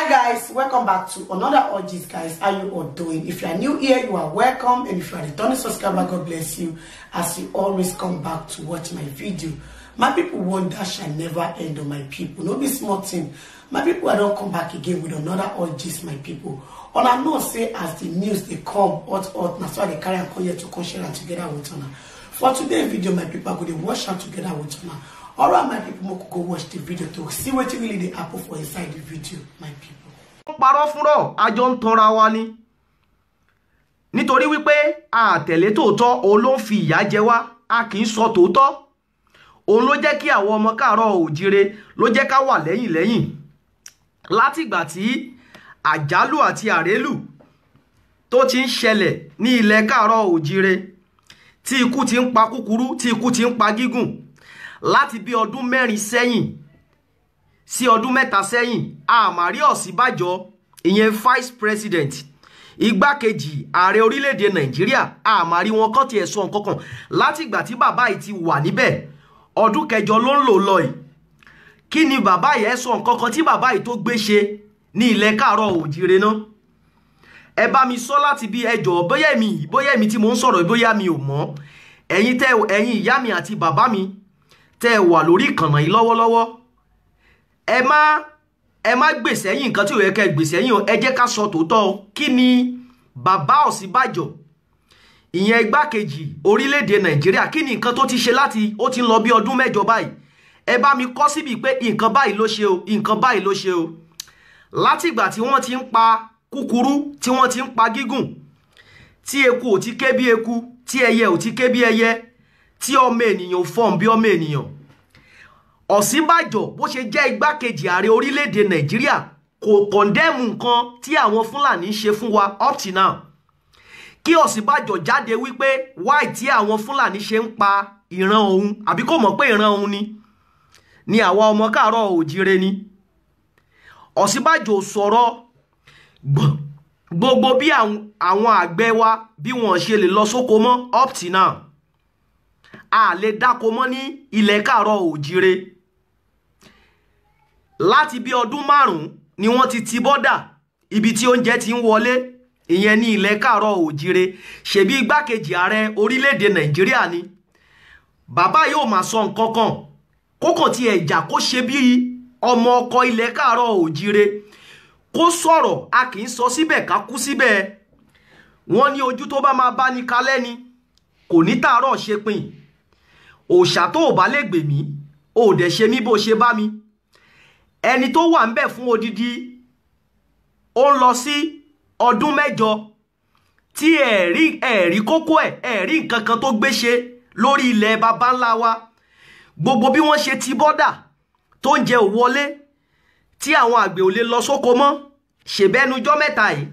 hi guys welcome back to another orgies guys how you all doing if you are new here you are welcome and if you are returning subscriber god bless you as you always come back to watch my video my people wonder shall never end on my people no be small thing my people i don't come back again with another orgies my people I know say as the news they come hot hot na so they carry and come here to come share together with una for today's video my people i go to watch am together with una all right my people go watch the video to see what you really dey Apple for inside the video my people. wọ́n parọ́ fúnrọ̀ àjọ ń tanra wa ni nítorí wípé àtẹ̀lé tòótọ́ òun ló ń fi ìyà jẹ wá a kì í sọ tòótọ́ òun ló jẹ́ kí àwọn ọmọ káàárọ̀ òjíire ló jẹ́ ká wà lẹ́yìn lẹ́yìn látìgbà tí àjálù àti àrélù tó ti ń ṣẹlẹ̀ ní ilẹ̀ káàárọ̀ òjíire tí ikú ti ń pa kúkúrú tí ikú ti pa gígùn láti bí ọdún mẹ́rin sẹ́yìn sí ọdún mẹ́ta sẹ́yìn àmàrí ọ̀sínbàjọ ìyẹn vice president igbákejì ààrẹ orílẹ̀-èdè nàìjíríà àmàrí wọn kọ́ tiẹ̀ sọ nǹkan kan látìgbà tí bàbá yìí ti wà níbẹ̀ ọdún kẹjọ ló ń lò lọ yìí kí ni bàbá yìí ẹ sọ nǹkan kan tí bàbá yìí tó gbé ṣe ní ilẹ̀ káàárọ̀ òjìire náà ẹ bá mi sọ láti bí ẹjọ́ bóyá èmi bóyá èmi tí mo ń sọ̀rọ̀ bóyá mi ò mọ̀ ẹ̀yin tẹ́ ẹ̀yin ìyá mi àti bàbá mi tẹ́ ẹ wà lórí ìkànnà yìí lọ́wọ́lọ́wọ́ ẹ má ẹ má gbèsè ẹ̀yìn nǹkan tí ò yẹ kẹ́ gbèsè ẹ̀yìn o ẹ jẹ́ ká sọ tòótọ́ o kí ni bàbá Ọ̀ṣínbàjò ìyẹn igbákejì orílẹ̀-èdè Nàìjíríà kí ni nǹkan tó ti ṣe láti ó ti ń lọ bí ọdún mẹ́jọ báyìí ẹ bá mi kọ́ síbi pé nǹkan báyìí ló ṣe o nǹkan báyìí ló ṣe o látìgbà tí wọ́n ti ń pa kúkúrú tí wọ́n ti ń pa gígùn tí eku ò ti ké bí eku tí ẹyẹ ò ti ké bí ẹyẹ tí ọmọ ènìyàn fọ́n bí ọmọ ènìyàn Ọ̀ṣínbàjò bó ṣe jẹ́ igbákejì ààrẹ orílẹ̀-èdè Nàìjíríà kò kọ̀ndẹ́mù nǹkan tí àwọn Fúlàní ń ṣe fún wa up till now kí Ọ̀ṣínbàjò jáde wípé why tí àwọn Fúlàní ṣe ń pa ìran òun àbí kò mọ̀ pé ìran òun ni ni àwa ọmọ káàárọ̀ òjíire ni Ọ̀ṣínbàjò sọ̀rọ̀ gbogbo bí àwọn àgbẹ̀ wa bí wọ́n ṣe lè lọ sóko mọ́ up till now a lè dáko mọ́ ní ilẹ̀ káàárọ̀ òjire láti bí ọdún márùn-ún ni wọ́n ti ti bọ́dà ibi tí oúnjẹ ti ń wọlé ìyẹn ní ilẹ̀ káàárọ̀ òjire ṣebí igbákejì ààrẹ orílẹ̀-èdè nàìjíríà ni bàbá yóò máa sọ nǹkan kan kókàn tí ẹ̀jà kó ṣe bí ọmọ ọkọ ilẹ̀ káàárọ̀ òjire kó sọ̀rọ̀ a kì í sọ síbẹ̀ ká kú síbẹ̀ wọ́n ní ojú tó bá máa bá ní kalẹ́ ni kò ní tààrọ̀ ṣe pin òòṣà tó ò bá lè gbè mí ò dẹ̀ ṣe mí bó ṣe bá mi ẹni tó wà ń bẹ̀ fún odidi ó ń lọ sí ọdún mẹ́jọ tí ẹ̀rí ẹ̀rí kókó ẹ̀ ẹ̀rí nǹkan kan tó gbé ṣe lórí ilẹ̀ baba ńlá wa gbogbo bí wọ́n ṣe ti bọ́dà tó ń jẹ òwọlé tí àwọn àgbẹ̀ ò lè lọ sóko mọ́ ṣèbẹ́nujọ́ mẹ́ta yìí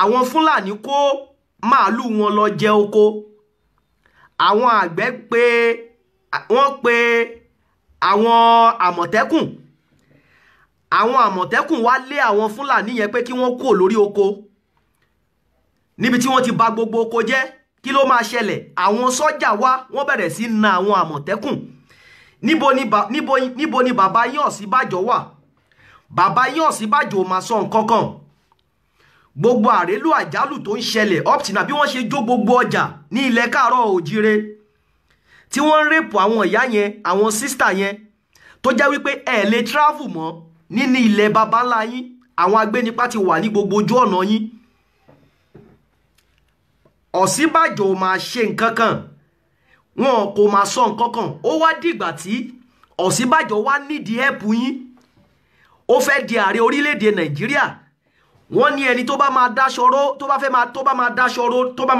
àwọn fúlàní kó màálù wọn lọ jẹ oko àwọn àgbẹ̀ pé wọ́n pe àwọn àmọ̀tẹ́kùn àwọn àmọ̀tẹ́kùn wá lé àwọn fúlàní yẹn pé kí wọ́n kúrò lórí oko níbi tí wọ́n ti bà gbogbo oko jẹ́ kí ló máa ṣẹlẹ̀ àwọn sọ́jà wá wọ́n bẹ̀rẹ̀ sí na àwọn àmọ̀tẹ́kùn níbo ni níbo ni bàbá yín Ọ̀sínbàjò wà bàbá yín Ọ̀sínbàjò ò máa sọ nǹkan kan gbogbo àrélù àjálù tó ń ṣẹlẹ̀ optina bí wọ́n ṣe jó gbogbo ọjà ní ilẹ̀ káàárọ̀ òjire tí wọ́n ń rèpò àwọn ìyá yẹn àwọn sísítà yẹn tó jẹ́ wípé ẹ̀ lè travel mọ́ níní ilẹ̀ baba ńlá yín àwọn agbénipa ti wà ní gbogbo ojú ọ̀nà yín Ọ̀ṣínbàjò máa ṣe nǹkan kan wọn kò máa sọ nǹkan kan ó wá dìgbà tí Ọ̀ṣínbàjò wá nídìí ẹ̀pù yín ó fẹ́ di ààrẹ orílẹ̀-èdè Nàìjíríà wọ́n ní ẹni tó bá máa dáṣọró tó bá fẹ́ máa tó bá máa dáṣọró tó bá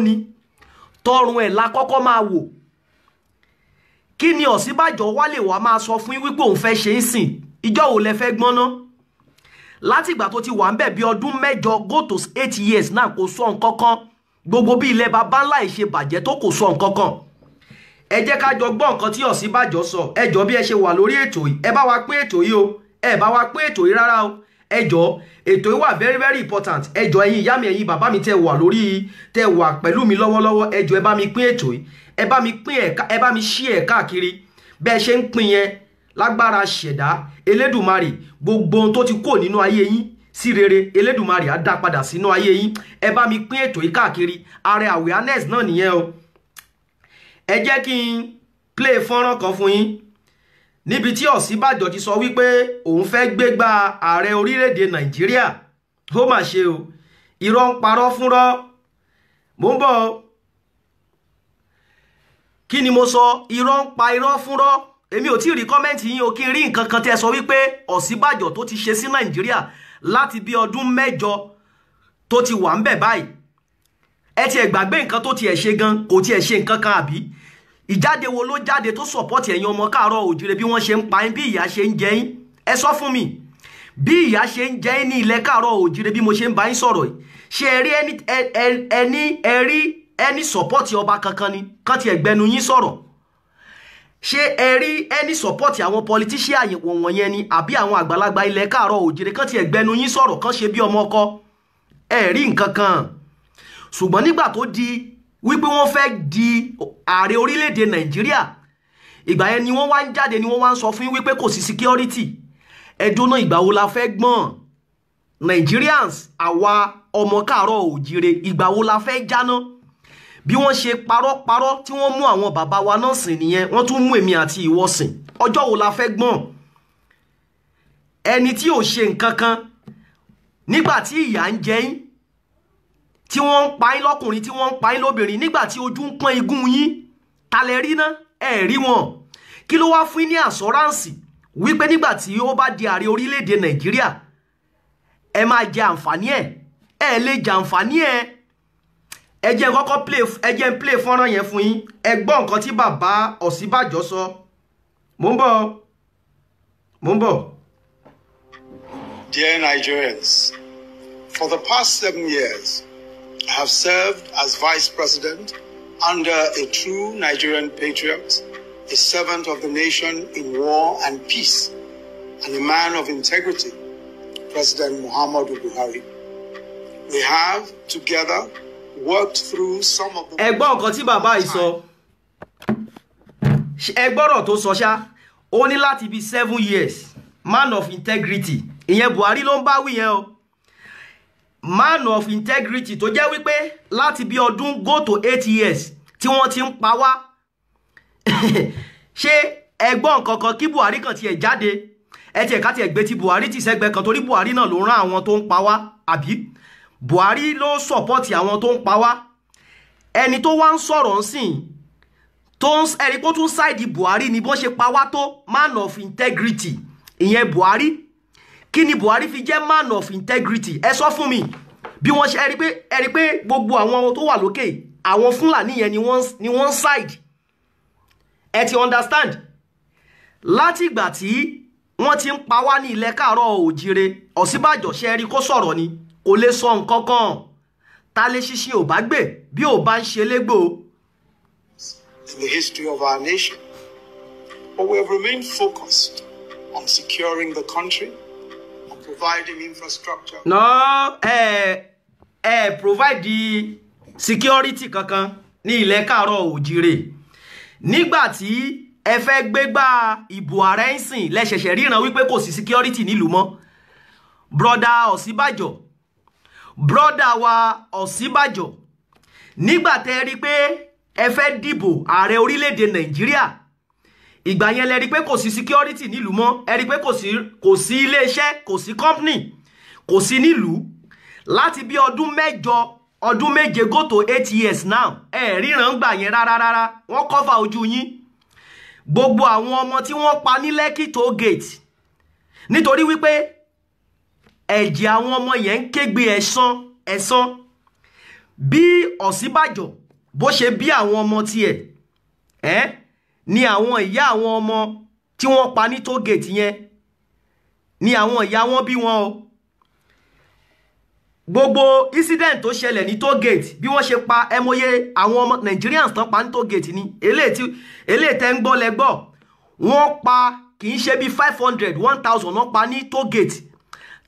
ni tọrùn ẹ̀ la kọ́kọ́ máa wò kí ni Ọ̀ṣínbàjò wálé wàá máa sọ fún yín wípé òun fẹ́ ṣe é sìn ìjọ wo lẹ fẹ́ gbọ́n látìgbà tó ti wà ń bẹ̀ bí ọdún mẹ́jọ go to eight years náà kò sọ nǹkan kan gbogbo bí ilẹ̀ bàbá ńlá ẹ̀ ṣe bàjẹ́ tó kò sọ nǹkan kan ẹ jẹ́ ká jọ gbọ́ nǹkan tí Ọ̀ṣínbàjò sọ ẹ jọ bí ẹ ṣe wà lórí ètò yìí ẹ bá wa pín ètò yìí o ẹ bá wa pín ètò yìí rárá o ẹjọ́ ètò yìí wà very very important ẹjọ́ ẹ̀yin ìyá mi ẹ̀yin bàbá mi tẹ wà lórí tẹ wà pẹ̀lú mi lọ́wọ́lọ́wọ́ ẹjọ́ ẹ bá mi pín ètò yìí ẹ bá mi pín ẹ̀ka ẹ bá mi ṣí ẹ̀ káàkiri bẹ́ẹ̀ ṣe ń pín yẹn lágbára ṣẹ̀dá elédùnmarè gbogbo ohun tó ti kó nínú ayé yín sí rere elédùnmarè á dá padà sínú ayé yín ẹ bá mi pín ètò yìí káàkiri ààrẹ awareness náà nìyẹn o ẹ jẹ́ kí n play fọ́nrán kan fún yín níbi tí Ọ̀ṣínbàjò ti sọ wípé òun fẹ́ gbégbá ààrẹ orílẹ̀-èdè Nàìjíríà ó mà ṣe o irọ́ ń parọ́ fúnrọ́ mò ń bọ̀ kí ni mo sọ irọ́ ń pa irọ́ fúnrọ́ èmi ò tí ì rí kọ́mẹ́ǹtì yín o kí n rí nǹkan kan tẹ́ sọ wípé Ọ̀ṣínbàjò tó ti ṣe sí Nàìjíríà láti bí ọdún mẹ́jọ tó ti wà ń bẹ̀ báyìí ẹ tiẹ̀ gbàgbé nǹkan tó tiẹ̀ ṣe gan kò tiẹ̀ ṣe nǹkan kan àbí ìjáde wo ló jáde tó support ẹ̀yin ọmọ káàárọ̀ òjìrè bí wọ́n ṣe ń pa yín bí ìyà ṣe ń jẹ yín ẹ sọ fún mi bí ìyà ṣe ń jẹ yín ní ilẹ̀ káàárọ̀ òjìrè bí mo ṣe ń bá yín sọ̀rọ̀ yìí ṣé ẹ rí ẹni ẹni ẹ rí ẹni sọ̀pọ́tì ọba kankan ni kán ti ẹ̀gbẹ́nu yín sọ̀rọ̀ ṣé ẹ rí ẹni sọ̀pọ́tì àwọn politician àyẹ̀wò wọ̀nyẹn ni àbí àwọn àgbàlagbà ilẹ̀ káàárọ̀ òjìrè kán ti ẹ̀gbẹ́nu yín sọ̀rọ̀ kán ṣe bí ọmọ ọkọ ẹ rí nǹkan kan ṣùgbọ́n nígbà tó di wípé wọ́n fẹ́ di ààrẹ orílẹ̀-èdè nàìjíríà ìgbà yẹn ni wọ́n wá ń jáde ni wọ́n wá ń sọ fún yín wípé kò sí security ẹ̀dọ́nà ìgbà wo la fẹ́ gbọ́n Nigerians àwa ọmọ káàárọ̀ òjire ìgbà wo la fẹ́ jáná bí wọ́n ṣe parọ́parọ́ tí wọ́n mú àwọn bàbá wa náà sìn nìyẹn wọ́n tún mú èmi àti ìwọ sìn ọjọ́ wo la fẹ́ gbọ́n ẹni tí ò ṣe nǹkan kan nígbà tí ìyà ń jẹ tí wọ́n ń pa yín lọ́kùnrin tí wọ́n ń pa yín lóbìnrin nígbà tí ojú ń pọ́n igun yín talẹ̀ rí ná ẹ̀ rí wọn kí ló wá fún yín ní àsọ́ránsì wípé nígbà tí ó bá di ààrẹ orílẹ̀-èdè nàìjíríà ẹ máa jẹ àǹfààní ẹ̀ ẹ lè jẹ àǹfààní ẹ̀ ẹ jẹ́ kọ́kọ́ ẹ jẹ́ play fọ́nrán yẹn fún yín ẹ gbọ́ nǹkan tí bàbá Ọ̀ṣínbàjò sọ mò ń bọ̀ mò ń bọ̀. Dear Nigerians, for the past seven years, have served as vice president under a true Nigerian patriot, a servant of the nation in war and peace, and a man of integrity, President Muhammadu Buhari. We have together worked through some of the. ẹ gbọ́ nǹkan tí bàbá yìí sọ ẹ tó sọ ṣá ó ní láti bíi seven years man of integrity ìyẹn Buhari ló ń bá yẹn o man of integrity tó jẹ́ wípé láti bí ọdún go to eight years tí wọ́n ti ń pa wá ṣé ẹgbọ́n kankan kí Buhari kan tiẹ̀ jáde ẹ tiẹ̀ ká tiẹ̀ gbé ti Buhari ti sẹ́gbẹ́ kan torí Buhari náà ló rán àwọn tó ń pa wá àbí Buhari ló sọ̀pọ́tì àwọn tó ń pa wá ẹni tó wá ń sọ̀rọ̀ ń tó ń ẹni tó tún ṣáìdì Buhari ni bó ṣe pa wá tó man of integrity ìyẹn Buhari kí ni Buhari fi jẹ́ man of integrity ẹ sọ fún mi bí wọ́n ṣe ẹ rí pé ẹ rí pé gbogbo àwọn tó wà lókè àwọn Fúlàní yẹn ni wọ́n side ẹ ti understand látìgbà tí wọ́n ti ń pa wá ní ilẹ̀ káàárọ̀ òjire Ọ̀ṣínbàjò ṣe rí kó sọ̀rọ̀ ni kò lè sọ nǹkan kan ta lè ṣiṣẹ́ ò bá gbè bí ò bá ń ṣe légbò. In the history of our nation, but we have remained focused on securing the country providing infrastructure. no eh, eh. provide the security kankan Ni ilẹ̀ káàárọ̀ òjìrè nígbà tí ẹ fẹ́ gbégbá ìbò ààrẹ ń sìn lẹ́sẹ̀sẹ̀ ríran wípé kò security nílùú mọ́ Brother osibajo. Brother wa osibajo. nígbà tẹ́ rí pé ẹ fẹ́ dìbò ààrẹ orílẹ̀-èdè ìgbà yẹn lẹ rí pé kò sí security nílùú mọ́ ẹ rí pé kò sí kò sí iléeṣẹ́ kò sí company kò sí nílùú láti bí ọdún mẹ́jọ ọdún méje go to eight years now ẹ ríran gbà yẹn rárá rárá wọ́n cover ojú yín gbogbo àwọn ọmọ tí wọ́n pa ní Lekki toll gate nítorí wípé ẹ̀jẹ̀ àwọn ọmọ yẹn ń kégbe ẹ̀san ẹ̀san bí Ọ̀ṣínbàjò bó ṣe bí àwọn ọmọ tiẹ̀ Eh ni àwọn ìyá àwọn ọmọ tí wọ́n pa ní tógèètì yẹn ni àwọn ìyá wọn bí wọn o gbogbo incident tó ṣẹlẹ̀ ní tógèètì bí wọ́n ṣe pa ẹmọye àwọn ọmọ Nigerians tán pa ní tógèètì ni eléyìí tẹ́ ń gbọ́ lẹ́gbọ́ wọ́n pa kì í ṣe bí five hundred one thousand wọ́n pa ní tógèètì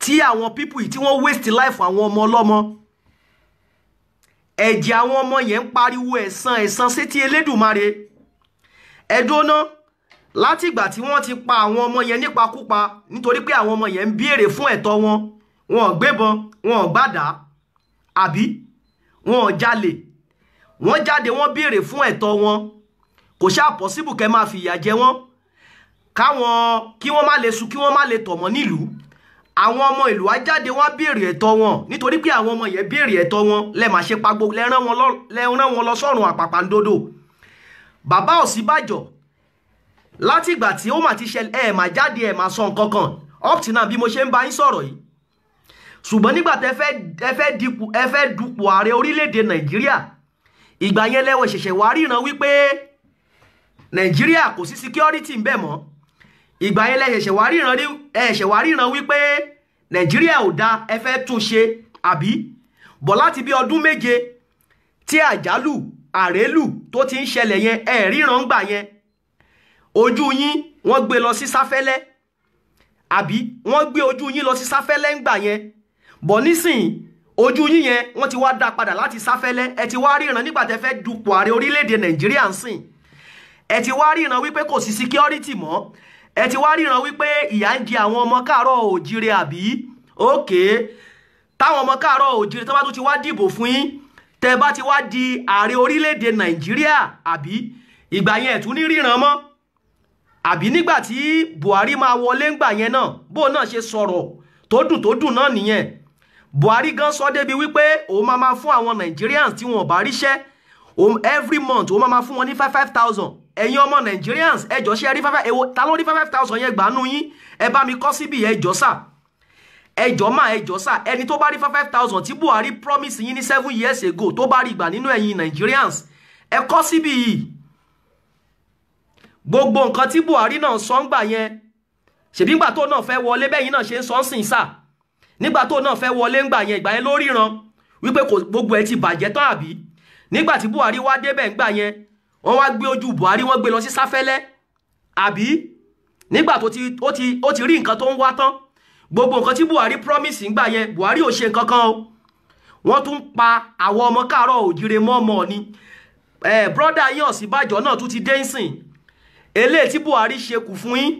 tí àwọn pípù yìí tí wọ́n waste life àwọn ọmọ ọlọ́mọ ẹ̀jẹ̀ àwọn ọmọ yẹn ń pariwo ẹ̀san ẹ̀san sétí Elédùmarè ẹ dóná láti ìgbà tí wọ́n ti pa àwọn ọmọ yẹn nípakúpa nítorí pé àwọn ọmọ yẹn ń béèrè fún ẹ̀tọ́ wọn wọn ò gbébọn wọn ò gbádàá àbí wọn ò jalè wọ́n jáde wọ́n béèrè fún ẹ̀tọ́ wọn kò ṣáà pọ́síbù kẹ́ máa fìyà jẹ wọ́n káwọn kí wọ́n má lè sùn kí wọ́n má lè tọ̀mọ́ nílùú àwọn ọmọ ìlú á jáde wọ́n á béèrè ẹ̀tọ́ wọn nítorí pé àwọn ọmọ yẹn béèrè ẹ̀tọ́ wọn lẹ́ẹ̀ máa ṣe pagbo lẹ́ẹ̀ rán wọn lọ sọ́run àpàpàǹdodo bàbá Ọ̀ṣínbàjò láti ìgbà tí ó mà ti ṣẹlẹ̀ ẹ̀ mà jáde ẹ̀ mà sọ nǹkan kan up till now bí mo ṣe ń bá yín sọ̀rọ̀ yìí ṣùgbọ́n nígbà tẹ́ ẹ fẹ́ dupò ààrẹ orílẹ̀-èdè nàìjíríà ìgbà yẹn lẹ́wọ̀ ṣẹ̀ṣẹ̀ wá ríran wípé nàìjíríà kò sí security ń bẹ̀ mọ́ ìgbà yẹn lẹ́ṣẹ̀ṣẹ̀ wá ríran wípé nàìjíríà ò da ẹ fẹ́ tún ṣe àbí bọ̀ láti bí ọdún méje tí àjálù àrélù tó ti ń ṣẹlẹ̀ yẹn ẹ̀ ríran gbà yẹn ojú yín wọ́n gbé lọ sí sáfẹ́lẹ́ àbí wọ́n gbé ojú yín lọ sí sáfẹ́lẹ́ ń gbà yẹn bọ̀ nísìnyí ojú yín yẹn wọ́n ti wá dá padà láti sáfẹ́lẹ́ ẹ ti wá ríran nígbà tẹ́ fẹ́ dupò ààrẹ orílẹ̀-èdè nàìjíríà ń sìn ẹ ti wá ríran wípé kò sí síkíọ́rìtì mọ́ ẹ ti wá ríran wípé ìyà ń jẹ àwọn ọmọ káàárọ̀ òjíire àbí òkè táwọn ọmọ káàárọ̀ òjíire tó bá tún ti wá dìbò fún yín tẹ́ bá ti wá di ààrẹ orílẹ̀-èdè nàìjíríà àbí ìgbà yẹn ẹ̀tún ní ríran mọ́ àbí nígbà tí buhari máa wọlé ńgbà yẹn náà bó náà ṣe sọ̀rọ̀ tó dùn tó dùn náà nìyẹn buhari gan sọ débi wípé òun máa máa fún àwọn nigerians tí wọn ò bá ríṣẹ́ every month òun máa máa fún wọn ní five five thousand ẹ̀yin ọmọ nigerians ẹ jọ ṣe rí five five ta ló rí five five thousand yẹn gbà nú yín ẹ bá mi kọ́ síbi ẹ sáà ẹjọ́ mà ẹjọ́ sà ẹni tó bá rí five thousand tí Buhari promise yín ní seven years ago tó bá rí gbà nínú ẹ̀yin Nigerians ẹ kọ́ síbi yìí gbogbo nǹkan tí Buhari náà sọ ń gbà yẹn ṣèbí ngbà tó náà fẹ́ wọlé bẹ́yìn náà ṣe ń sọ ń sìn sà nígbà tó náà fẹ́ wọlé ńgbà yẹn ìgbà yẹn ló ríran wípé gbogbo ẹ ti bàjẹ́ tán àbí nígbà tí Buhari wá débẹ̀ ńgbà yẹn wọ́n wá gbé ojú Buhari wọ́n gbé lọ sí sáfẹ́lẹ́ àbí nígbà tó ti ó ti rí nǹkan tó ń wá tán gbogbo nǹkan tí Buhari promise ńgbà yẹn Buhari ò ṣe nǹkan kan o wọ́n tún pa àwọn ọmọ káàárọ̀ òjire mọ́ọ̀mọ́ ni brọ́dà yín Ọ̀sínbàjọ́ náà tún ti dé ń sìn eléyìí tí Buhari ṣe kù fún yín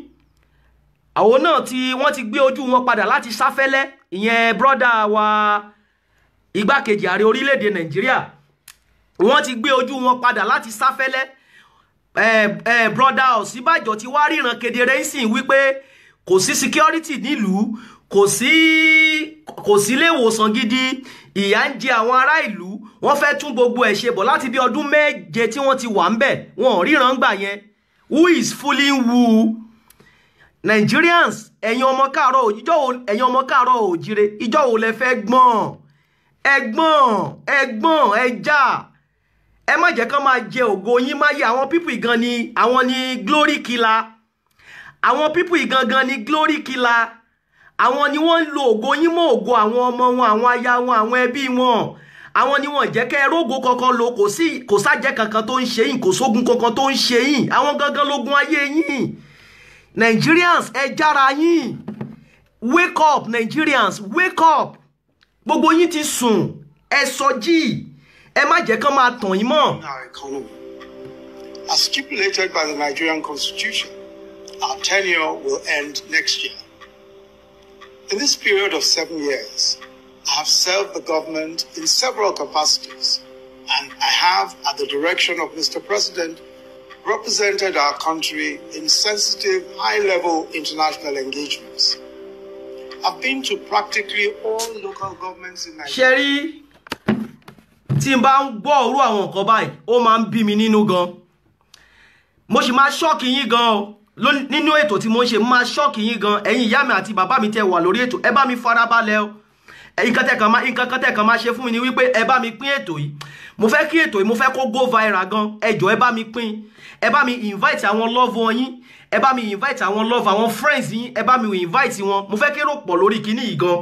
àwọn náà tí wọ́n ti gbé ojú wọn padà láti sáfẹ́lẹ́ ìyẹn brọ́dà wa igbákejì ààrẹ orílẹ̀-èdè Nàìjíríà wọ́n ti gbé ojú wọn padà láti sáfẹ́lẹ́ brọ́dà Ọ̀sínbàjọ́ ti wá ríran kedere ń sìn wípé kò sí security nílùú kò sí kò sí ilé ìwòsàn gidi ìyà ń jẹ àwọn ará ìlú wọ́n fẹ́ tún gbogbo ẹ̀ ṣe bọ̀ láti bí ọdún méje tí wọ́n ti wà ń bẹ̀ wọn ò ríran gbà yẹn who is fooling who Nigerians ẹ̀yin ọmọ káàárọ̀ ìjọ wo ẹ̀yin ọmọ káàárọ̀ òjire ìjọ wo lẹ fẹ́ gbọ́n ẹ̀gbọ́n ẹ̀gbọ́n ẹja ẹ má jẹ́ kán máa jẹ ògo yín má yẹ àwọn pípì gan ni àwọn ni glory killer àwọn pípù ìgangan ni glory killer àwọn ni wọ́n ń lo ògo yín mọ́ ògo àwọn ọmọ wọn àwọn aya wọn àwọn ẹbí wọn àwọn ni wọ́n jẹ́ kẹ́ ẹ rógo kankan lo kò sí kò sájẹ́ kankan tó ń ṣe yín kò sógun kankan tó ń ṣe yín àwọn gangan lógun ayé yín Nigerians ẹ jára yín wake up Nigerians wake up gbogbo yín ti sùn ẹ sọjí ẹ má jẹ́ kán máa tàn yín mọ́. Our economy, as stipulated by the Nigerian Constitution. Our tenure will end next year. In this period of seven years, I have served the government in several capacities, and I have, at the direction of Mr. President, represented our country in sensitive, high level international engagements. I've been to practically all local governments in Nigeria. Sherry, tí n bá ń gbọ́ òru àwọn nǹkan ó mi nínú gan. Mo sì máa ṣọ́ọ̀kì yín gan o. nínú ètò tí mo ń ṣe máa ṣọ́ọ̀kì yín gan ẹ̀yin ìyá mi àti bàbá mi tẹ wà lórí ètò ẹ bá mi farabalẹ̀ o nǹkan tẹ̀ kàn máa nǹkan kan tẹ̀ kàn máa ṣe fún mi ni wípé ẹ bá mi pín ètò yìí mo fẹ́ kí ètò yìí mo fẹ́ kó go viral gan ẹ jọ̀ọ́ ẹ bá mi pín ẹ bá mi invite àwọn love wọn yín ẹ bá mi invite àwọn love àwọn friends yín ẹ bá mi invite wọn mo fẹ́ kí èrò pọ̀ lórí kinní yìí gan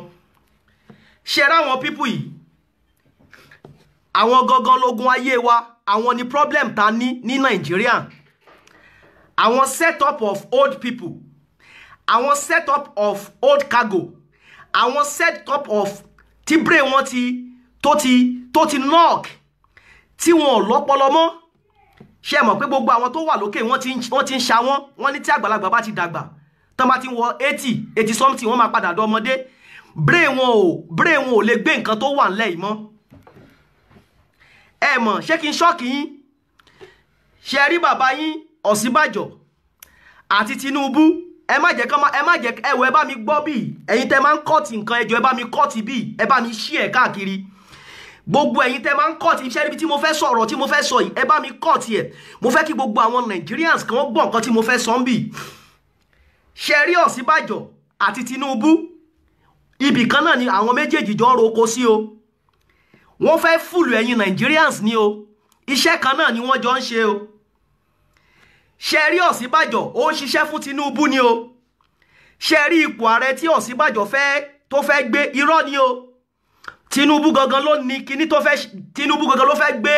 ṣe ráwọn pípù yìí àwọn gangan lógun ayé wa àwọn ni problem ta ní ní Nàìjíríà àwọn set up of old people àwọn set up of old cargo àwọn set up of tí brain wọn ti tó ti tó ti knock tí wọn ò lọ́pọlọ mọ́ ṣe mọ̀ pé gbogbo àwọn tó wà lókè wọ́n ti ń ṣa wọ́n wọ́n ní tí àgbàlagbà bá ti dàgbà tán bá ti wọ eighty eighty something wọ́n máa padà dọ́ ọmọdé brain wọn ò brain wọn ò lè gbé nǹkan tó wà ńlẹ̀ yìí mọ́ ẹ mọ̀ ṣé kí n ṣọ́ọ̀kì yín ṣe rí bàbá yín Ọ̀ṣínbàjò àti Tinubu ẹ má jẹ́ kán ẹ má jẹ́ ẹ wọ ẹ bá mi gbọ́ bíi ẹ̀yin tẹ́ máa ń kọ́ọ̀tì nǹkan ẹjọ́ ẹ bá mi kọ́ọ̀tì bíi ẹ bá mi ṣí ẹ̀ káàkiri gbogbo ẹ̀yin tẹ́ máa ń kọ́ọ̀tì iṣẹ́ níbi tí mo fẹ́ sọ ọ̀rọ̀ tí mo fẹ́ sọ yìí ẹ bá mi kọ́ọ̀tì ẹ̀ mo fẹ́ kí gbogbo àwọn Nigerians kan gbọ́ nǹkan tí mo fẹ́ sọ ń bì ṣe rí Ọ̀ṣínbàjò àti Tinubu ibì kan náà ni àwọn méjèèjì jọ ń roko sí o wọ́n fẹ́ fùlù ẹ̀yin Nigerians ni o iṣẹ́ kan náà ni wọ́n jọ ń ṣe o ṣe rí Ọ̀ṣínbàjò ó ń ṣiṣẹ́ fún Tinubu ni o ṣe rí ipò ààrẹ tí Ọ̀ṣínbàjò tó fẹ́ gbé irọ́ ni o Tinubu gangan ló ní kíní tó fẹ́ Tinubu gangan ló fẹ́ gbé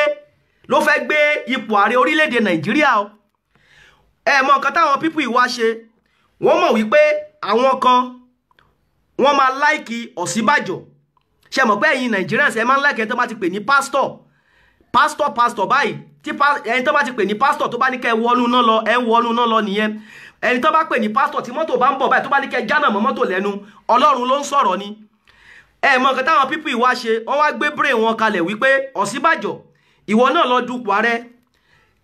ló fẹ́ gbé ipò ààrẹ orílẹ̀-èdè Nàìjíríà o ẹ mọ nǹkan táwọn pípù ìwá ṣe wọ́n mọ̀ wípé àwọn kan wọ́n máa láìkì Ọ̀ṣínbàjò ṣe mọ̀ pé ẹ̀yin Nàìjíríà ṣe máa ń láìkì ẹ̀ tó máa ti pè ní pásítọ̀ pásítọ̀ pásítọ̀ báyìí tí ẹni tó bá ti pè ní pásítọ̀ tó bá ní kẹ́ ẹ wọnú náà lọ ẹ ń wọnú náà lọ nìyẹn ẹni tó bá pè ní pásítọ̀ tí mọ́tò bá ń bọ̀ báyìí tó bá ní kẹ́ ẹ jánà mọ́ mọ́tò lẹ́nu ọlọ́run ló ń sọ̀rọ̀ ni ẹ mọ nǹkan táwọn pípù ìwá ṣe wọ́n wá gbé brain wọn kalẹ̀ wípé Ọ̀ṣínbàjò ìwọ náà lọ dupò ààrẹ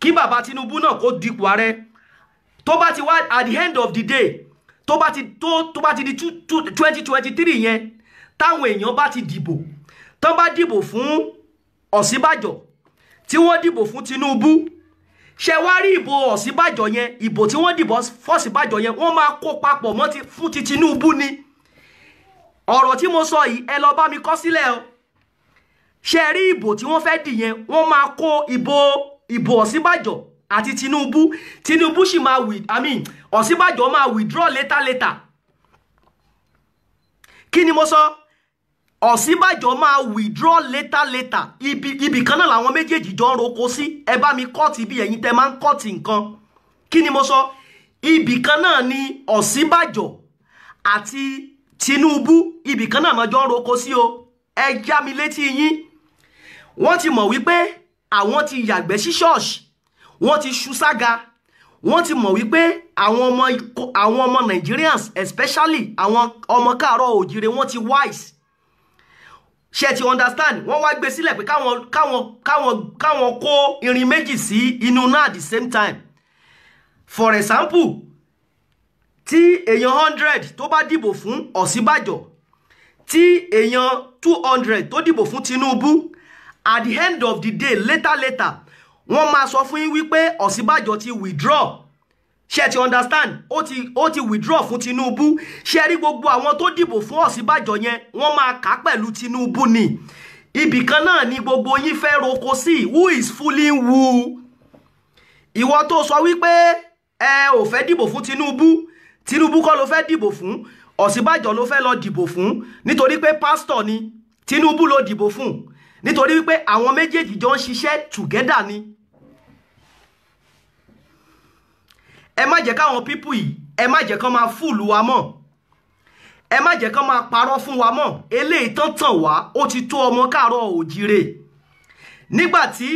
kí bàbá Tinubu náà kó dupò ààrẹ tó bá ti wá at the end of the day tó bá ti tó tó bá ti di twenty twenty three yẹn táwọn èèyàn bá ti dìbò tán bá dìbò fún Ọ̀ṣínbàjò tí wọ́n dìbò fún Tinubu ṣe wá rí ìbò Ọ̀ṣínbàjò yẹn ìbò tí wọ́n dìbò fọ́ṣínbàjò yẹn wọ́n máa kó papọ̀ mọ́ ti fún ti Tinubu ni ọ̀rọ̀ tí mo sọ yìí ẹ lọ bá mi kọ́ sílẹ̀ o ṣe rí ìbò tí wọ́n fẹ́ dì yẹn wọ́n máa kó ìbò ìbò Ọ̀ṣínbàjò àti Tinubu Tinubu sì máa wì i mean Ọ̀ṣínbàjò máa withdraw later later kí ni mo sọ. So? Ọ̀sínbàjò máa withdraw later later ibi ibi kan náà làwọn méjèèjì jọ ń roko sí ẹ bá mi kọ́ọ̀tì ibi ẹ̀yin tẹ́ máa ń kọ́ọ̀tì nǹkan kí ni mo sọ ibì kan náà ni Ọ̀sínbàjò àti Tinubu ibì kan náà máa jọ ń roko sí o ẹ já mi létí yín wọ́n ti mọ̀ wípé àwọn ti yàgbẹ́ sí ṣọ́ọ̀ṣì wọ́n ti ṣu sága wọ́n ti mọ̀ wípé àwọn ọmọ àwọn ọmọ Nigerians especially àwọn ọmọ káàárọ̀ òjìrè wọ́n ti wise ṣe ti understand wọ́n wá gbé sílẹ̀ pé káwọn káwọn káwọn káwọn kó irin méjì sí inú náà at the same time for example tí èèyàn hundred tó bá dìbò fún Ọ̀ṣínbàjò tí èèyàn two hundred tó dìbò fún Tinubu at the end of the day later later wọ́n máa sọ fún yín wípé Ọ̀ṣínbàjò ti withdraw ṣe ti understand ó ti ó ti withdraw fún Tinubu ṣe rí gbogbo àwọn tó dìbò fún Ọ̀sínbàjò yẹn wọ́n máa kà á pẹ̀lú Tinubu ni ibì náà ni gbogbo yín fẹ́ roko sí who is fooling who ìwọ tó sọ wípé ẹ ò fẹ́ dìbò fún Tinubu Tinubu kọ́ ló fẹ́ dìbò fún Ọ̀sínbàjò ló fẹ́ lọ dìbò fún nítorí pé pásítọ̀ ni Tinubu ló dìbò fún nítorí wípé àwọn méjèèjì jọ ń ṣiṣẹ́ together ni ẹ má jẹ́ káwọn pípù yìí ẹ má jẹ́ kán máa fúlù wa mọ́ ẹ má jẹ́ kán máa parọ́ fún wa mọ́ eléyìí tán tàn wá ó ti tó ọmọ káàárọ̀ òjìrè nígbà tí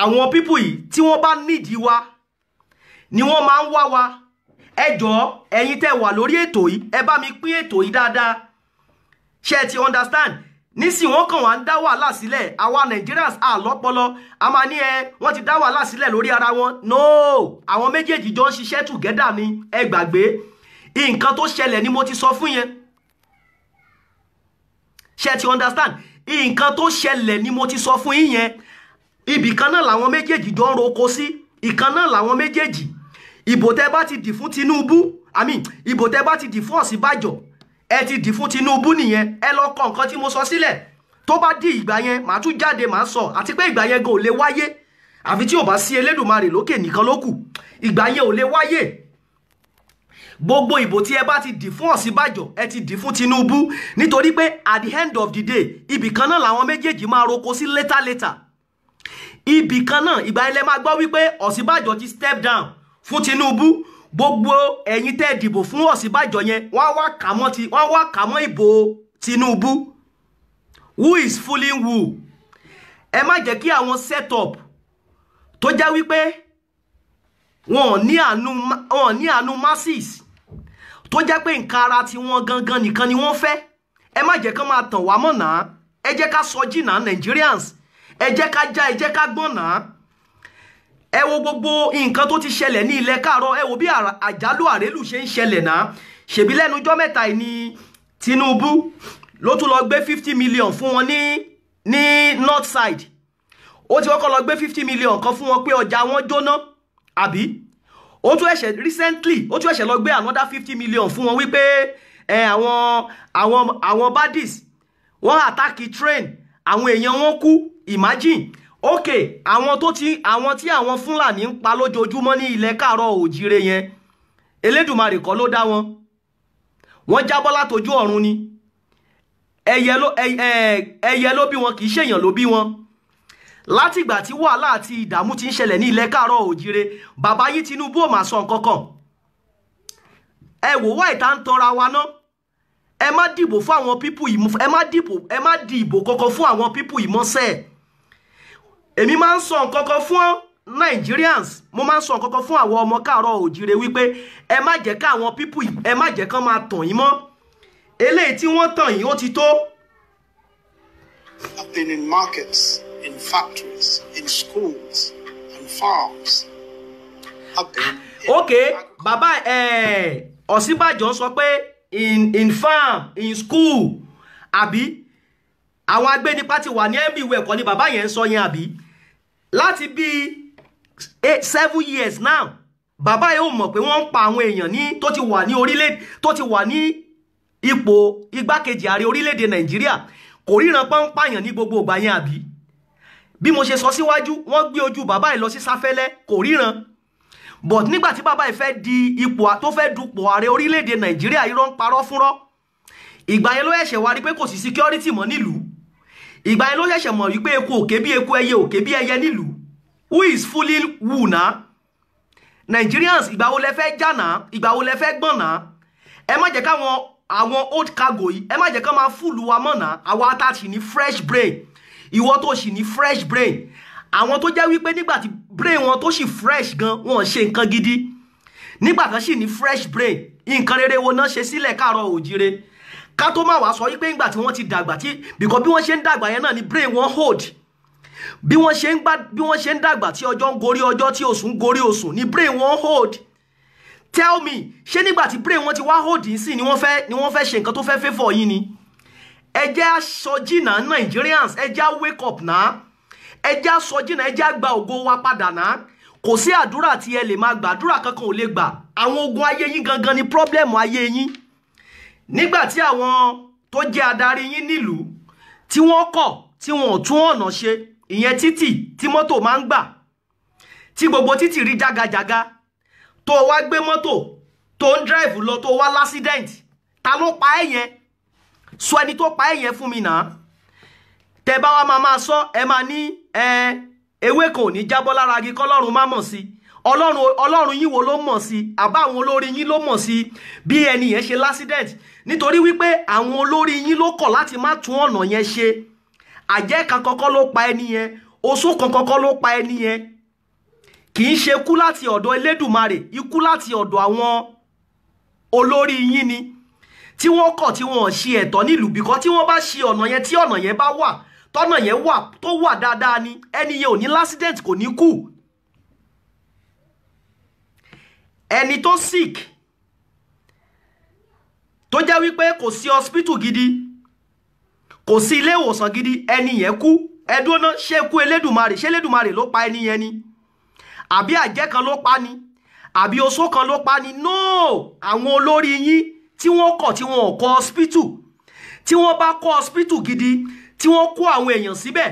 àwọn pípù yìí tí wọ́n bá nídìí wa ni wọ́n máa ń wá wa ẹ jọ̀ọ́ ẹ̀yin tẹ́ wà lórí ètò yìí ẹ bá mi pín ètò yìí dáadáa ṣé ẹ ti understand nísìn wọ́n kàn wá ń dá wàhálà sílẹ̀ àwa Nigerians à lọ́pọlọ a máa ní ẹ wọ́n ti dá wàhálà sílẹ̀ lórí ara wọn no àwọn méjèèjì jọ ń ṣiṣẹ́ together ni ẹ gbàgbé nǹkan tó ṣẹlẹ̀ ni mo ti sọ fún yẹn ṣe ti understand nǹkan tó ṣẹlẹ̀ ni mo ti sọ fún yín yẹn ibì kan náà làwọn méjèèjì jọ ń roko sí ìkan náà làwọn méjèèjì ìbò tẹ́ bá ti dì fún Tinubu I mean ìbò tẹ́ bá ti dì fún Ọ̀sínbàjò ẹ ti dì fún Tinubu nìyẹn ẹ lọ kọ nǹkan tí mo sọ sílẹ̀ tó bá di ìgbà yẹn màá tún jáde màá sọ àti pé ìgbà yẹn gan ò lè wáyé àfi tí ò bá sí Elédùmarè lókè nìkan ló kù ìgbà yẹn ò lè wáyé gbogbo ìbò tí ẹ bá ti dì fún Ọ̀sínbàjò ẹ ti dì fún Tinubu nítorí pé at the end of the day ibì kan náà làwọn méjèèjì máa roko sí later later ibì kan náà ìgbà yẹn lẹ máa gbọ́ wípé Ọ̀sínbàjò ti step down fún Tinubu gbogbo ẹ̀yin tẹ́ dìbò fún Ọ̀ṣínbàjò yẹn wọ́n wá kà mọ́ ti wọ́n wá kà mọ́ ìbò Tinubu who is fooling who ẹ má jẹ́ kí àwọn set up tó já wípé wọn ò ní àánú masses tó jẹ́ pé nǹkan ara tiwọn gangan nìkan ni wọ́n fẹ́ ẹ má jẹ́ kán máa tàn wá mọ́ náà ẹ jẹ́ ká sọ jìnnà Nigerians ẹ jẹ́ ká já ẹ jẹ́ ká gbọ́n náà ẹ wo gbogbo nǹkan tó ti ṣẹlẹ̀ ní ilẹ̀ káàárọ̀ ẹ wo bí àjálù àrélù ṣe ń ṣẹlẹ̀ náà ṣèbí lẹ́nujọ́ mẹ́ta ni Tinubu ló tún lọ gbé fifty million fún wọn ní ní north side ó ti kọ́kọ́ lọ gbé fifty million kan fún wọn pé ọjà wọn jóná àbí ó tún ẹ̀ṣẹ̀ recently ó tún ẹ̀ṣẹ̀ lọ gbé another fifty million fún wọn wípé ẹ àwọn àwọn àwọn badis wọ́n àtàkì train àwọn èèyàn wọn kú imagine ok àwọn tó ti àwọn tí àwọn fúlàní ń pa lójoojúmọ́ ní ilẹ̀ káàárọ̀ òjíire yẹn elédùnmarè kọ́ ló dá wọn wọ́n jábọ́ látojú ọ̀run ni ẹyẹ ló ẹyẹ ló bí wọn kì í ṣèyàn ló bí wọn látìgbà tí wàhálà àti ìdààmú ti ń ṣẹlẹ̀ ní ilẹ̀ káàárọ̀ òjíire bàbá yìí Tinubu ò máa sọ nǹkan kan ẹ wò wá ìta ń tanra wa náà ẹ má dìbò fún àwọn pípù yìí ẹ má dìbò ẹ má dìbò kankan fún àwọn pípù yìí mọ́sẹ̀ẹ́ èmi máa ń sọ nǹkan fún Nigerians mo máa ń sọ nǹkan fún àwọn ọmọ káàárọ̀ òjìrè wípé ẹ má jẹ́ káwọn pípù ẹ má jẹ́ kán máa tàn yín mọ́ eléyìí tí wọ́n tàn yín ó ti tó. I've been in markets, in factories, in schools, and farms. ok bàbá Ọ̀ṣínbàjò sọ pé in in farm in school àbí àwọn agbẹnipa ti wà ní mb wẹ̀kọ́ ni bàbá yẹn ń sọ yẹn àbí láti bíi eight seven years now bàbá yìí ò mọ̀ pé wọ́n ń pa àwọn èèyàn ní tó ti wà ní orílẹ̀ tó ti wà ní ipò igbákejì ààrẹ orílẹ̀-èdè nàìjíríà kò ríran pọ́n pààyàn ní gbogbo ìgbà yẹn àbí bí mo ṣe sọ síwájú wọ́n gbé ojú bàbá yìí lọ sí sáfẹ́lẹ́ kò ríran but nígbà tí bàbá yìí fẹ́ di ipò tó fẹ́ dupò ààrẹ orílẹ̀-èdè nàìjíríà irọ́ ń parọ́ fúnrọ́ ìgbà yẹn ló ẹ̀ṣẹ̀ wá rí pé kò sí security mọ́ nílùú ìgbà yẹn ló ṣẹ̀ṣẹ̀ mọ̀ wípé eku òkè bí eku ẹyẹ òkè bí ẹyẹ nílùú who is fully wù náà Nigerians ìgbà wo lẹ fẹ́ jànà ìgbà wo lẹ fẹ́ gbọ̀nà ẹ má jẹ́ káwọn àwọn old cargo yìí ẹ má jẹ́ kán máa fúlù wa mọ̀nà àwa tá a sì ní fresh brain ìwọ tó sì ní fresh brain àwọn tó jẹ́ wípé nígbà tí brain wọn tó sì fresh gan wọn ṣe nǹkan gidi nígbà kan sì ní fresh brain nǹkan rere wo náà ṣe sílẹ̀ káàárọ̀ òjire ká tó má wàá sọ wípé ńgbà tí wọ́n ti dàgbà tí bìkọ́ bí wọ́n ṣe ń dàgbà yẹn náà ni brain wọn hold bí wọ́n ṣe ń gbá bí wọ́n ṣe ń dàgbà tí ọjọ́ ń gorí ọjọ́ tí oṣù ń gorí oṣù ni brain wọn hold tell me ṣé nígbà tí brain wọn ti wá hold yìí sí ni wọ́n fẹ́ ni wọ́n fẹ́ ṣe nǹkan tó fẹ́ fẹ́ fọ yín ni ẹ jẹ́ aṣọ Nigerians ẹ jẹ́ wake up náà ẹ jẹ́ aṣọ jìnnà ẹ jẹ́ gba ògo wa padà náà kò sí àdúrà tí ẹ lè máa gbàdúrà kankan ò lè gbà àwọn ogun ayé yín gangan ni pírọ́blẹ́mù ayé yín nígbà tí àwọn tó jẹ́ adarí yín nílùú tí wọ́n kọ̀ tí wọ́n tún ọ̀nà ṣe ìyẹn títì tí mọ́tò máa ń gbà tí gbogbo títì rí jágajàga tó wá gbé mọ́tò tó ń dráìfù lọ tó wá lásídẹ̀ǹt ta ló pa ẹ́ sọ ẹni tó pa ẹ́ fún mi nà á tẹ bá wa máa máa sọ ẹ máa ní ẹ ewé kan ò ní jábọ́ lára agi kọ́lọ́run má mọ̀ sí i ọlọ́run ọlọ́run yín wo ló mọ̀ sí àbá àwọn olórí yín ló mọ̀ sí bí ẹni yẹn ṣe lásídẹ̀ǹt nítorí wípé àwọn olórí yín ló kọ̀ láti má tún ọ̀nà yẹn ṣe àjẹ́ kan kọ́kọ́ ló pa ẹni yẹn oṣó kan kọ́kọ́ ló pa ẹni yẹn kì í ṣe kú láti ọ̀dọ̀ Elédùmarè ikú láti ọ̀dọ̀ àwọn olórí yín ni tí wọ́n kọ̀ tí wọ́n ṣe ẹ̀tọ́ nílùú bìkọ́ tí wọ́n bá ṣe ọ̀nà yẹn tí ọ̀nà yẹn bá wà tọ́nà yẹn wà tó wà dáadáa ni ẹni yẹn ò ní lásídẹ̀ǹt kò ní kú ẹni tó sick tó jẹ́ wípé kò sí hospital gidi kò sí ilé ìwòsàn gidi ẹni yẹn kú ẹdúná ṣé kú elédùmarè ṣé elédùmarè ló pa ẹni yẹn ni àbí àjẹ́ kan ló pa ni àbí oṣó kan ló pa ni nóò àwọn olórí yín tí wọ́n kọ̀ tí wọ́n kọ́ hospital tí wọ́n bá kọ́ hospital gidi tí wọ́n kó àwọn èèyàn síbẹ̀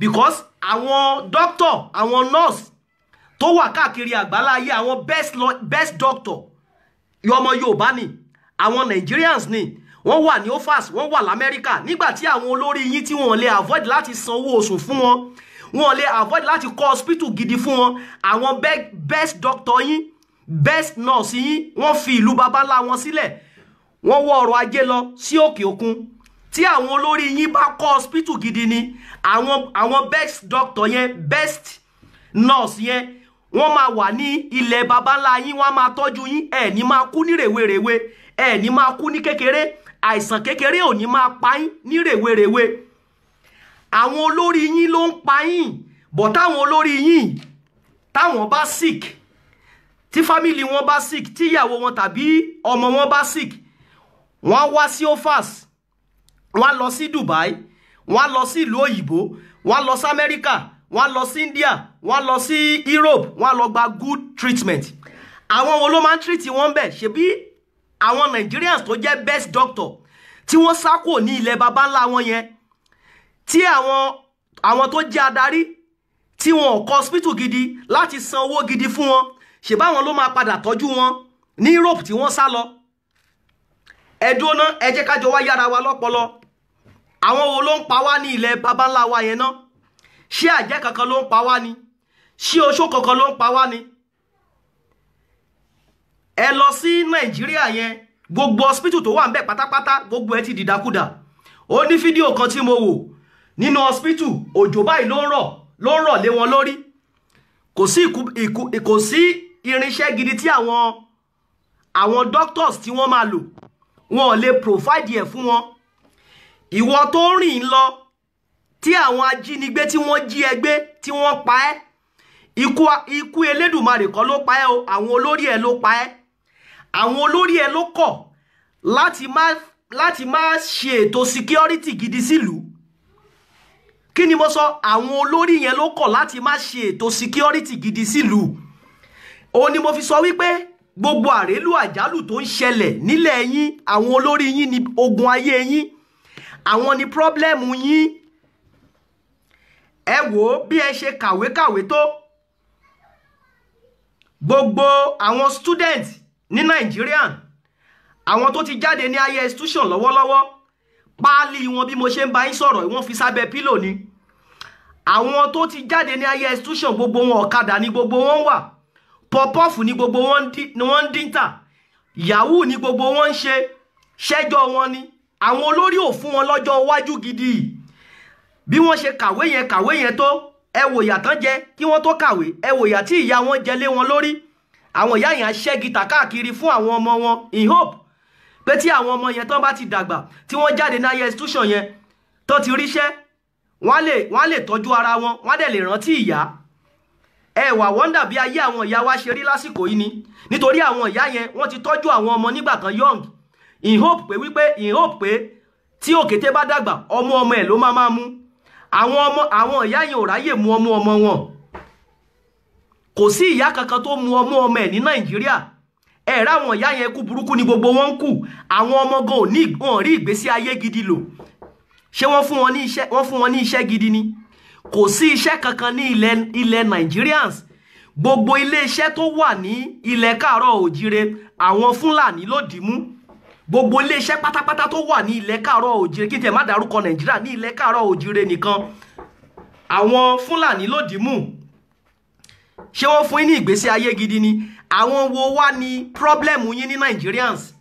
because àwọn doctor àwọn nurse tó wà káàkiri àgbáláyé àwọn best, best doctor ọmọ Yorùbá ni àwọn Nigerians ni wọ́n wà ní ofas wọ́n wà l'Amẹ́ríkà nígbà tí àwọn olórí yín tí wọ́n lè avoid láti sanwó oṣù fún wọn wọ́n lè avoid láti kọ́ hospital gidi fún wọn àwọn best doctor yín best nurse yín wọ́n fi ìlú babalá wọn sílẹ̀ wọ́n wọ ọrọ̀ ajé lọ sí òkè òkun tí àwọn olórí yín bá kọ́ hospital gidi ni àwọn best doctor yẹn best nurse yẹn wọ́n máa wà ní ilẹ̀ babańlá yín wọ́n á máa tọ́jú yín ẹ̀ ní máa kú ní rèwerèwe ẹ̀ ní máa kú ní kékeré àìsàn kékeré ò ní máa pa yín ní rèwerèwe àwọn olórí yín ló ń pa yín bọ̀ táwọn olórí yín táwọn bá sick tí fámìlì wọn bá sick tí ìyàwó wọn tàbí ọmọ wọn bá sick wọ́n wá sí ofas wọ́n lọ sí Dubai wọ́n lọ sí ìlú òyìnbó wọ́n lọ sí Amẹ́ríkà wọ́n á lọ sí India wọ́n á lọ sí Europe wọ́n á lọ gba good treatment àwọn wo ló máa ń treat wọn bẹ̀ ṣebí àwọn Nigerians tó jẹ́ best doctor tí wọ́n sá kò ní ilẹ̀ baba ńlá wọn yẹn tí àwọn àwọn tó jẹ́ adarí tí wọn ò kọ́ hospital gidi láti san owó gidi fún wọn ṣèbáwọn ló máa padà tọ́jú wọn ní Europe tí wọ́n sá lọ ẹ̀dùn náà ẹ kájọ wá yára wa lọ́pọlọ àwọn wo ló ń pa wá ní ilẹ̀ baba ńlá wa yẹn náà ṣé àjẹ́ kankan ló ń pa wá ni ṣé oṣó kankan ló ń pa wá ni ẹ lọ sí nàìjíríà yẹn gbogbo hospital tó wà ń bẹ pátápátá gbogbo ẹ ti dìdàkudà ó ní fídíò kan tí mo wò nínú hospital òjò báyìí ló ń rọ̀ ló ń rọ̀ lé wọn lórí kò sí kò sí irinṣẹ́ gidi tí àwọn àwọn doctors tí wọ́n máa lò wọn ò lè provide ẹ̀ fún wọn ìwọ tó rìn lọ tí àwọn ajínigbé tí wọ́n jí ẹ gbé tí wọ́n pa ẹ́ ikú elédùmarè kọ́ ló pa ẹ́ o àwọn olórí ẹ ló pa ẹ́ àwọn olórí ẹ ló kọ̀ láti má ṣe ètò security gidi sílùú kí ni mo sọ àwọn olórí yẹn ló kọ̀ láti má ṣe ètò security gidi sílùú òun ni mo fi sọ wípé gbogbo àrélù àjálù tó ń ṣẹlẹ̀ nílẹ̀ yín àwọn olórí yín ni ogun ayé yín àwọn ni pírọ́blẹ́mù yín ẹ wò ó bí ẹ ṣe kàwékàwé tó gbogbo àwọn student ní Nàìjíríà àwọn tó ti jáde ní higher institution lọ́wọ́lọ́wọ́ páálí wọn bí mo ṣe ń bá yín sọ̀rọ̀ wọ́n fi sábẹ́ pílò ni àwọn tó ti jáde ní higher institution gbogbo wọn ọ̀kadà ni gbogbo wọn wà pọpọ́ọ̀fù ni gbogbo wọn ń díntà yahoo ni gbogbo wọn ń ṣe ṣẹ́jọ́ wọn ni àwọn olórí ò fún wọn lọ́jọ́ iwájú gidi yìí bí wọ́n ṣe kàwé yẹn kàwé yẹn tó ẹ ìyà tán jẹ kí wọ́n tó kàwé ẹ ìyà tí ìyá wọn jẹ lé wọn lórí àwọn ìyá yẹn ṣẹ́gita káàkiri fún àwọn ọmọ wọn in hope pé tí àwọn ọmọ yẹn tán bá ti dàgbà tí wọ́n jáde náà yẹ institution yẹn tán ti ríṣẹ́ wọ́n lè wọ́n lè tọ́jú ara wọn wọ́n dẹ̀ lè rántí ìyá ẹ wà wọ́ndà bí ayé àwọn ìyá wa ṣe rí lásìkò yìí ni nítorí àwọn ìyá yẹn wọ́n ti tọ́jú àwọn ọmọ nígbà kan young in hope pé wípé in hope pé tí òkété bá dàgbà ọmọ ọmọ ẹ̀ ló máa máa mú àwọn ọmọ àwọn ìyá yẹn ò ráyè mu ọmú ọmọ wọn kò sí ìyá kankan tó mu ọmú ọmọ ẹ̀ ní nàìjíríà ẹ̀rọ àwọn ìyá yẹn kú burúkú ni gbogbo wọn ń kú àwọn ọmọ gan ò ní wọn rí ìgbésí ayé gidi lò ṣé wọ́n fún wọn ní iṣẹ́ wọ́n fún wọn ní iṣẹ́ gidi ni kò sí iṣẹ́ kankan ní ilẹ̀ ilẹ̀ Nigerians gbogbo ilé iṣẹ́ tó wà ní ilẹ̀ káàárọ̀ òjire àwọn Fúlàní ló dìímú gbogbo iléeṣẹ́ pátápátá tó wà ní ilẹ̀ káàárọ̀ òjìrè kí n tiẹ̀ má dárúkọ nàìjíríà ní ilẹ̀ káàárọ̀ òjìrè nìkan àwọn fúlàní lòdìmú ṣé wọ́n fún yín ní ìgbésí ayé gidi ni àwọn wo wá ní pírọ́blẹ̀mù yín ní Nigerians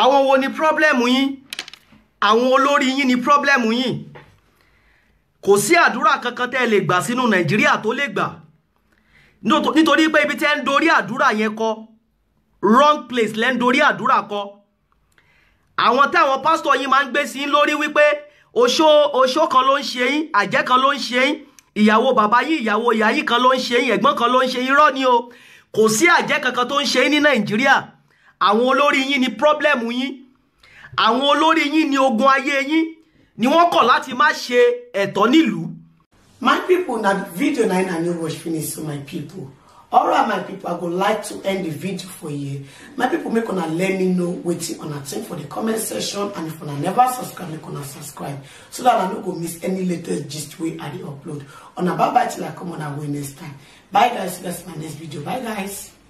àwọn wo ni pírọ́blẹ́mù yín àwọn olórí yín ni pírọ́blẹ́mù yín kò sí àdúrà kankan tẹ́ ẹ lè gbà sínú nàìjíríà tó lè gbà nítorí pé ibi tẹ́ ń dorí àdúrà yẹn kọ wrong place lẹ́ ń dorí àdúrà kọ àwọn táwọn pásítọ̀ yín máa ń gbé sí yín lórí wípé oṣó oṣó kan ló ń ṣe yín àjẹ́ kan ló ń ṣe yín ìyàwó bàbá yín ìyàwó ìyá yín kan ló ń ṣe yín ẹ̀gbọ́n kan ló ń ṣe yín irọ́ ni o kò sí àjẹ́ kankan tó ń ṣe yín ní nàìjíríà àwọn olórí yín ni pírọ́blẹ́mù yín àwọn olórí yín ni ogun ayé yín ni wọ́n kọ̀ láti má ṣe ẹ̀tọ́ nílùú. my people na the video na una no watch finish so my people all right my people i go like to end the video for here my people make una let me know wetin una think for the comment section and if una never subscribe make una subscribe so that i no go miss any latest gist wey i dey upload una bye bye till i come on our way next time bye guys see you guys for my next video bye guys.